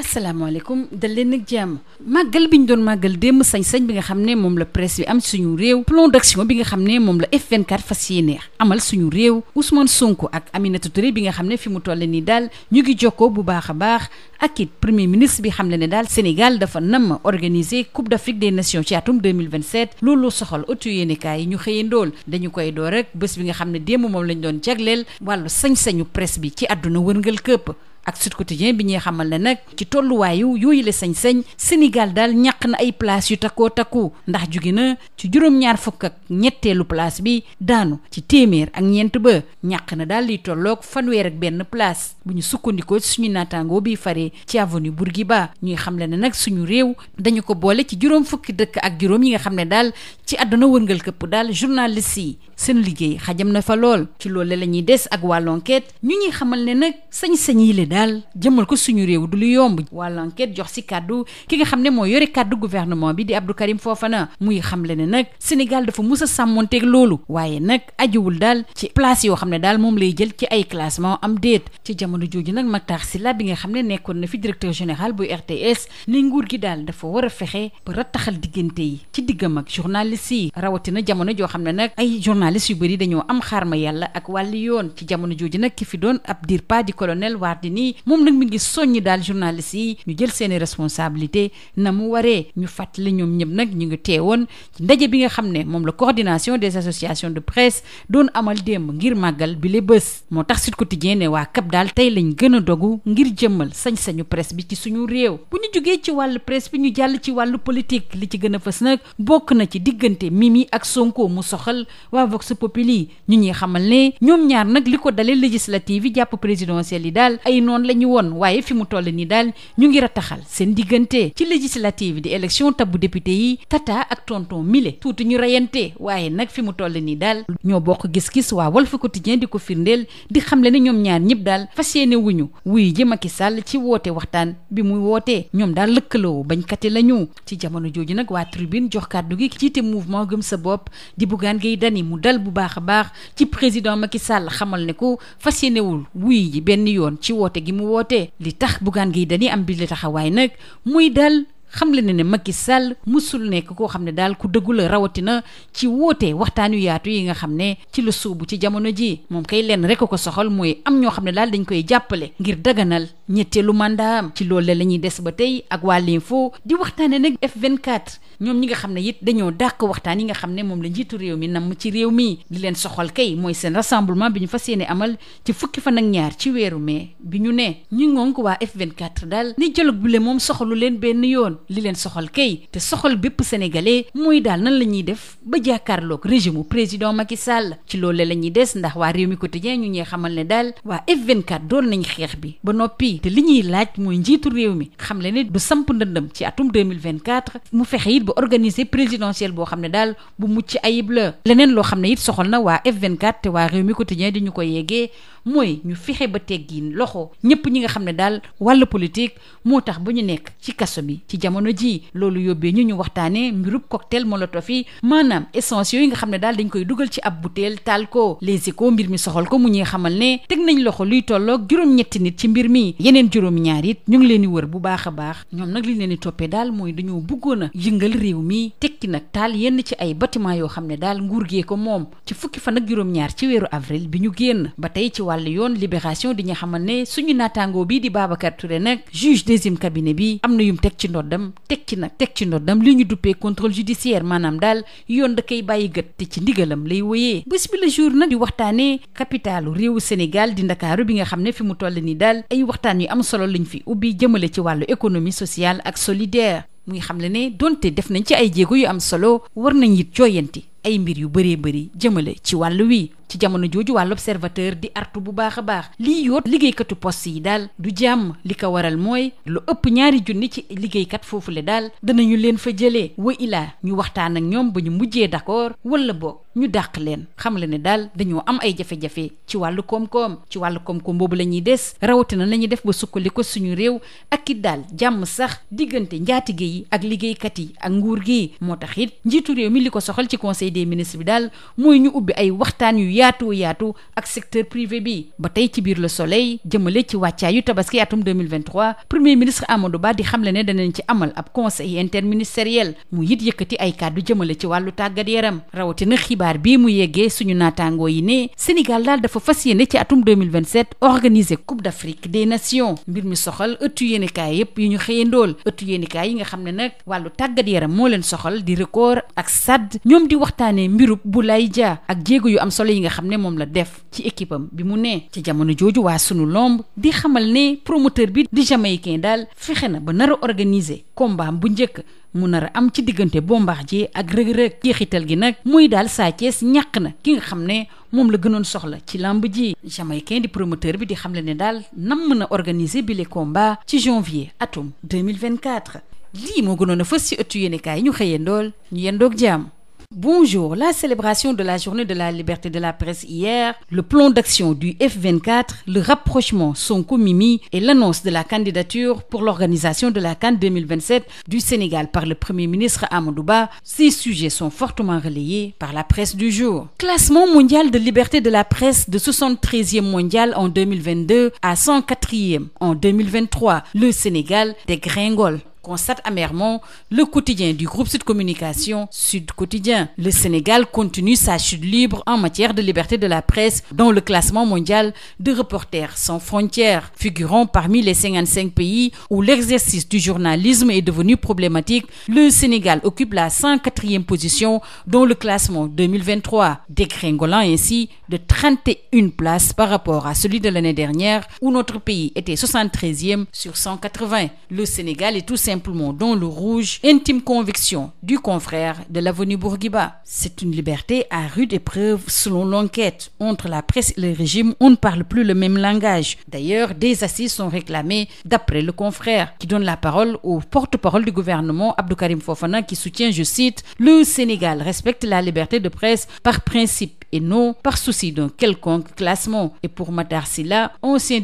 asalaamaaleykum dal leen nag jàmm màggal bi ñu doon màggal démb sañ-sañ bi nga xam ne moom la presse bi am suñu réew plan bi nga xam ne moom la f fas yéene amal suñu réew Ousmane Sonko ak Aminata Touré bi nga xam ne fi mu toll nii daal ñu ngi jokkoo bu baax a baax ak it premier ministre bi xam ne ne daal Sénégal dafa nam organiser Coupe d'Afrique des nation ci atum 2027 loolu soxal ëttu yéenekaay yi ñu xëyee ndool dañu koy door rek bés bi nga xam ne démb moom lañ doon jagleel wàllu sañ-sañu presse bi ci àdduna wërngal këpp ak Sud Quotidien bi ñuy xamal ne nag ci tolluwaayu yooyu la sañ-sañ Sénégal daal ñàq na ay place yu takkoo takku ndax jugi na ci juróom-ñaar fukk ak ñetteelu place bi daanu ci téeméer ak ñeent ba ñàq na daal liy tolloog fanweer ak benn place bu ñu sukkandikoo suñu naataangoo bi faree ci avenue Bourguiba ñuy xamle ne nag suñu réew dañu ko boole ci juróom fukki dëkk ak juróom yi nga xam ne daal ci àdduna wërngal këpp daal journaliste yi seen liggéey xajam na fa lool ci loolu la ñuy des ak wàllu enquête ñu xamal ne nag sañ-sañ yi daal jëmal ko suñu réew du lu yomb wàll enquête jox si kàddu ki nga xam ne moo yore kàddu gouvernement bi di Abdou Karim Fofana muy xam le ne nag Sénégal dafa mus a sàmmonteeg loolu waaye nag ajuwul daal ci place yoo xam ne daal moom lay jël ci ay classement am déet ci jamono jooju nag Mactar Sylla bi nga xam ne nekkoon na fi directeur général bu RTS ni nguur gi daal dafa war a fexe ba rattaxal diggante yi ci digg diggam ak journaliste yi rawatina jamono joo xam ne nag ay journaliste yu bëri dañoo am xaarma yàlla ak wàlli yoon ci jamono jooju nag nii moom nag mi ngi soññi daal journaliste yi ñu jël seeni responsabilité na mu waree ñu fàttali ñoom ñëpp nag ñu ngi teewoon ci ndaje bi nga xam ne moom la coordination des associations de presse doon amal démb ngir màggal bi le bës moo tax Sud Quotidien ne waa CAP daal tey lañ gën a dogu ngir jëmmal sañ-sañu presse bi ci suñu réew bu ñu jógee ci wàll press bi ñu jàll ci wàllu politique li ci gën a fës nag bokk na ci diggante Mimi ak Sonko mu soxal waa Vox noonu la ñu woon waaye fi mu toll nii daal ñu ngi rataxal seen diggante ci législative di élection tabbu député yi tata ak tonton mile tuuti ñu reyante waaye nag fi mu toll nii daal ñoo bokk gis-gis waa Walf Quotidien di ko firndeel di xamle ne ñoom ñaar ñëpp daal fas yéene wuy ji Macky Sall ci woote waxtaan bi muy wootee ñoom daal lëkkaloo bañkati lañu ci jamono jooju nag waa tribune jox kàddu gi jiite mouvement gëm sa bopp di Bougane Gueye Dany mu dal bu baax a baax ci président Macky Sall xamal ne ko fas yéenewul gi mu woote li tax bugan Gueye Dany am bi li taxawaay nag muy dal xam le ne ne Macky Sall musul nekk koo xam ne daal ku dëggu rawatina ci woote waxtaan yu yaatu yi nga xam ne ci la soobu ci jamono ji moom kay lenn rek ko soxal mooy am ñoo xam ne daal dañ koy jàppale ngir daganal ñetteelu mandat am ci la ñuy des ba tey ak waa l'info di waxtaane nag F24 ñoom ñi nga xam ne it dañoo dàq waxtaan yi nga xam ne moom la njiitu réew mi nam ci réew mi li leen soxal kay mooy seen rassemblement bi ñu fa yéene amal ci fukki fan ak ñaar ci weeru mai bi ñu ne ñu ngonk waa F24 daal ni dialogue bi le moom soxalu leen benn yoon li leen soxal kay te soxal bépp sénégalais muy daal nan la ñuy def ba jàkkaarloog régime mu président Macky Sall ci loole la ñuy des ndax waa réew mi quotidien ñu ñee xamal ne daal waa F24 doon nañ xeex bi ba noppi te li ñuy laaj mooy njiitu réew mi xam le ne du samp ndëndëm ci atum 2024 mu fexe it ba organiser présidentielle boo xam ne daal bu mucc ayib la leneen loo xam ne it soxal na waa F24 te waa réew mi quotidien di ñu ko yeggee mooy ñu fexe ba teggiin loxo ñëpp ñi nga xam ne daal wàllu politique moo tax ba ñu nekk ci kaso bi ci jamono jii loolu yóbbee ñu ñu waxtaanee mbirub cocktail molotov fi maanaam essence yooyu nga xam ne daal dañ koy dugal ci ab butéel taal ko Les Échos mbir mi soxal ko mu ñuy xamal ne teg nañ loxo luy tolloog juróom-ñetti nit ci mbir mi yeneen juróom-ñaar yit ñu ngi leen di wër bu baax a baax ñoom nag liñ leen di toppee daal mooy dañoo bëggoon a yëngal réew mi tekki nag taal yenn ci ay bâtiment yoo xam ne daal nguur gee ko moom ci fukki fan ak juróom ci weeru avril bi ñu génn wàllu yoon libération di ñu xamal ne suñu naataangoo bii di Babacar Touré nag juge deuxième cabinet bi am na yum teg ci ndoddam teg ci nag teg ci ndoddam li ñu duppee contrôle judiciaire maanaam daal yoon da koy bàyyi gët te ci ndigalam lay woyee bés bi le jour nag di waxtaanee capitalu réew Sénégal di Ndakaaru bi nga xam ne fi mu toll nii daal ay waxtaan yu am solo lañ fi ubbi jëmale ci wàllu économie sociale ak solidaire muy xam le ne donte def nañ ci ay jéego yu am solo war nañ it mbir yu bëree bëri ci jamono jooju waa l'observateur di artu bu baax a baax lii yoot liggéeykatu post yi daal du jàmm li ko waral mooy lu ëpp ñaari junni ci liggéeykat foofu le daal danañu leen fa jëlee wa ilaa ñu waxtaan ak ñoom ba ñu mujjee d'accord wala boog ñu dàq leen xam la ne daal dañoo am ay jafe-jafe ci wàll koom-koom ci wàll koom-koom boobu la ñuy des rawatina la ñuy def ba sukkandiku suñu réew ak it daal jàmm sax diggante njaatige yi ak liggéeykat yi ak nguur gi moo tax it njiitu réew mi li ko soxal ci conseil des ministres bi daal mooy ñu ubbi ay waxtaan yu yaatu yaatu ak secteur privé bi ba tey ci biir le soleil jëmale ci wàccaayu tabaski atum 2023 premier ministre Amadou Ba di xamle ne danañ ci amal ab conseil interministériel mu it yëkkati ay kàddu jëmale ci wàllu tàggat yaram rawatina xibaar bii mu yeggee suñu naataangoo yi ne Sénégal daal dafa fas yéene ci atum 2027 organiser coupe d'Afrique des nations mbir mi soxal ëttu yéenekaay yépp yu ñu xëyandool ëttu yéenekaay yi nga xam ne nag wàllu tàggat yaram moo leen soxal di nga xam ne moom la def ci équipe am bi mu nee ci jamono jooju waa sunu lomb di xamal ne promoteur bi di jamaïcain daal fexe na ba nar a organiser combat bu njëkk mu nar am ci diggante Bombardier ak rëg-rëg jeexital gi nag muy daal Sa Thiès ñaq na ki nga xam ne moom la gënoon soxla ci lamb ji jamaïcain di promoteur bi di xam xamle ne daal nam na organiser bi les ci janvier atum 2024 lii moo gënoon a fës ci ëttu yéenekaay ñu xëyee ndool ñu yendoog jàmm Bonjour. La célébration de la journée de la liberté de la presse hier, le plan d'action du F24, le rapprochement Sonko-Mimi et l'annonce de la candidature pour l'organisation de la CAN 2027 du Sénégal par le Premier ministre Amadou Ba, ces sujets sont fortement relayés par la presse du jour. Classement mondial de liberté de la presse de 73e mondial en 2022 à 104e en 2023. Le Sénégal dégringole. constate amèrement le quotidien du groupe Sud Communication Sud Quotidien. Le Sénégal continue sa de liberté de la le classement mondial de Reporters sans frontières, figurant parmi les 55 pays où l'exercice du journalisme est devenu problématique. Le Sénégal occupe la 104e position dans le classement 2023, dégringolant ainsi de 31 places par rapport à simplement dans le rouge, intime conviction du confrère de l'avenue Bourguiba. C'est une liberté à rude épreuve selon l'enquête. Entre la presse et le régime, on ne parle plus le même langage. D'ailleurs, des assises sont réclamées d'après le confrère qui donne la parole au porte-parole du gouvernement Abdou Karim qui soutient, je cite, le Sénégal respecte la liberté de presse par principe et non par souci d'un quelconque classement. Et pour Matar ancien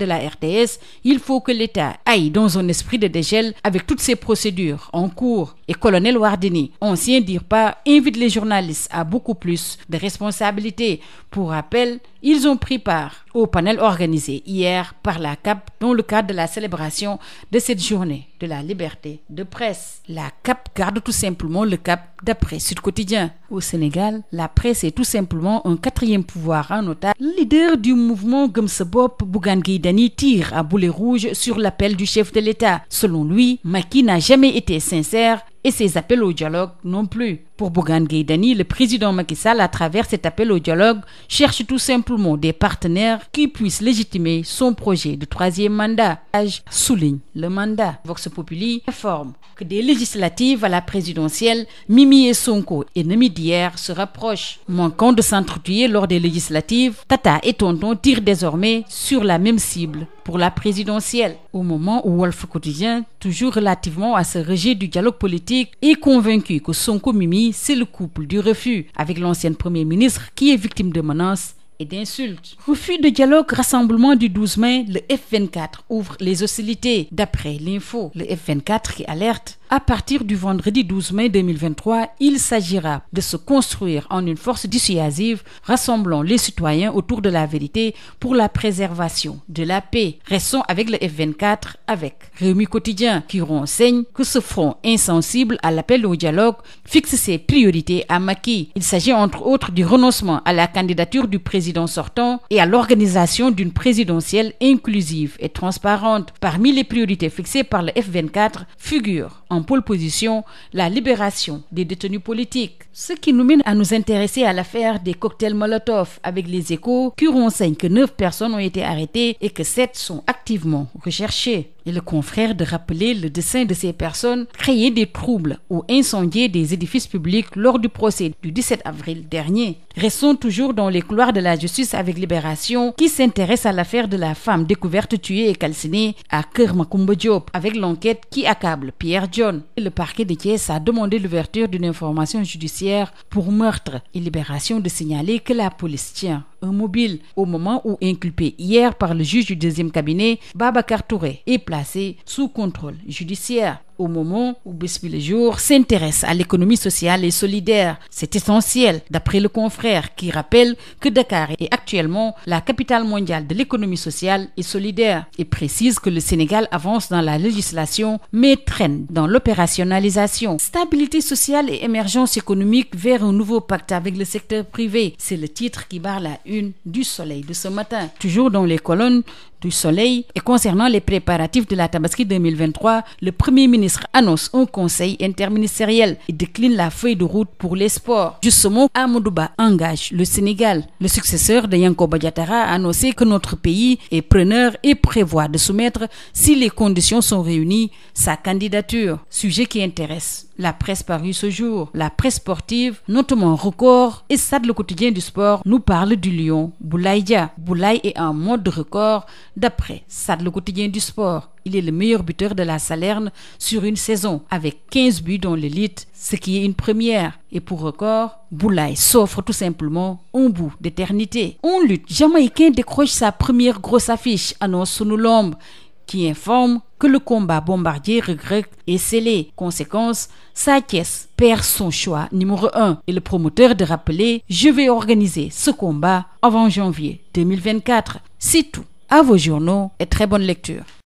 la RTS, il faut que réel avec toutes ces procédures en cours et colonel Wardini, ancien DIRPA, invite les journalistes à beaucoup plus de responsabilités. Pour rappel, ils ont pris part au panel organisé hier par la CAP dans le cadre de la célébration de cette journée de la liberté de presse. La CAP garde tout simplement le cap d'après Sud Quotidien. Au Sénégal, la presse est tout simplement un quatrième pouvoir en otage. leader du mouvement Gëm Sa Bopp, Bougane Gueye Dany, tire à boulet rouge sur l'appel du chef de l'État. Selon lui, Macky et ces appels au dialogue non plus. Pour Bougane Gueye Dany, le président Macky Sall, à travers cet appel au dialogue, cherche tout simplement des partenaires qui puissent légitimer son projet de troisième mandat. Age souligne le mandat. Vox Populi informe que des législatives à la présidentielle, Mimi et Sonko, ennemis d'hier, se rapprochent. Manquant de s'entretuer lors des législatives, Tata et Tonton tirent désormais sur la même cible pour la présidentielle. Au moment où Wolf Quotidien, toujours relativement à ce rejet pays, c'est le couple du refus, avec l'ancienne Premier ministre qui est victime de menaces et d'insultes. Refus de dialogue, rassemblement du 12 mai, le F24 ouvre les hostilités, d'après l'info. Le F24 qui alerte À partir du vendredi 12 mai 2023, il s'agira de se construire en une force dissuasive rassemblant les citoyens autour de la vérité pour la préservation de la paix. Restons avec le F24 avec Réumi Quotidien qui renseigne que ce front insensible à l'appel au dialogue fixe ses priorités à Macky. Il s'agit entre autres du renoncement à la candidature du président sortant et à l'organisation d'une présidentielle inclusive et transparente. Parmi les priorités fixées par le F24 en pole position la libération des détenus politiques Ce qui nous mène à nous intéresser à l'affaire des cocktails Molotov avec les échos qui renseignent que neuf personnes ont été arrêtées et que sept sont activement recherchées. Et le confrère de rappeler le dessein de ces personnes, créer des troubles ou incendier des édifices publics lors du procès du 17 avril dernier. Restons toujours dans les couloirs de la justice avec Libération qui s'intéresse à l'affaire de la femme découverte tuée et calcinée à Kër Macoumba Diop avec l'enquête qui accable Pierre John. Le parquet judiciaire pour meurtre et libération de signaler que la police tient un mobile au moment où inculpé hier par le juge du deuxième cabinet, Babacar Touré est placé sous contrôle judiciaire au moment où Bisby le jour s'intéresse à l'économie sociale et solidaire. C'est essentiel, d'après le confrère qui rappelle que Dakar est actuellement la capitale mondiale de l'économie sociale et solidaire et précise que le Sénégal avance dans la législation mais traîne dans l'opérationnalisation. Stabilité sociale et émergence une du Soleil de ce matin. Toujours dans les colonnes du Soleil et concernant les préparatifs de la Tabaski le Premier ministre annonce un conseil interministériel et décline la feuille de route pour les sports. Justement, Amadou Ba engage le Sénégal. Le successeur de Yankoba Diattara a annoncé que notre pays est preneur et prévoit de soumettre, si les conditions sont réunies, sa candidature. Sujet qui intéresse la presse parue ce jour. La presse sportive, notamment Lyon, Boulaye Dia. Boulaye est en mode d'après Stades le quotidien du sport. Il est le meilleur buteur de la Salerne sur une saison avec 15 buts dans l'élite, ce qui est une première. Et pour record, Boulaye s'offre tout simplement un bout d'éternité. On lutte, Jamaïcain décroche sa première grosse affiche, annonce Sunu Lomb qui informe que le combat Bombardier Reug-Reug est scellé. Conséquence, Sathies perd son choix numéro un et le promoteur de rappeler je vais organiser ce combat avant janvier 2024. C'est tout. À vos journaux et très bonne lecture.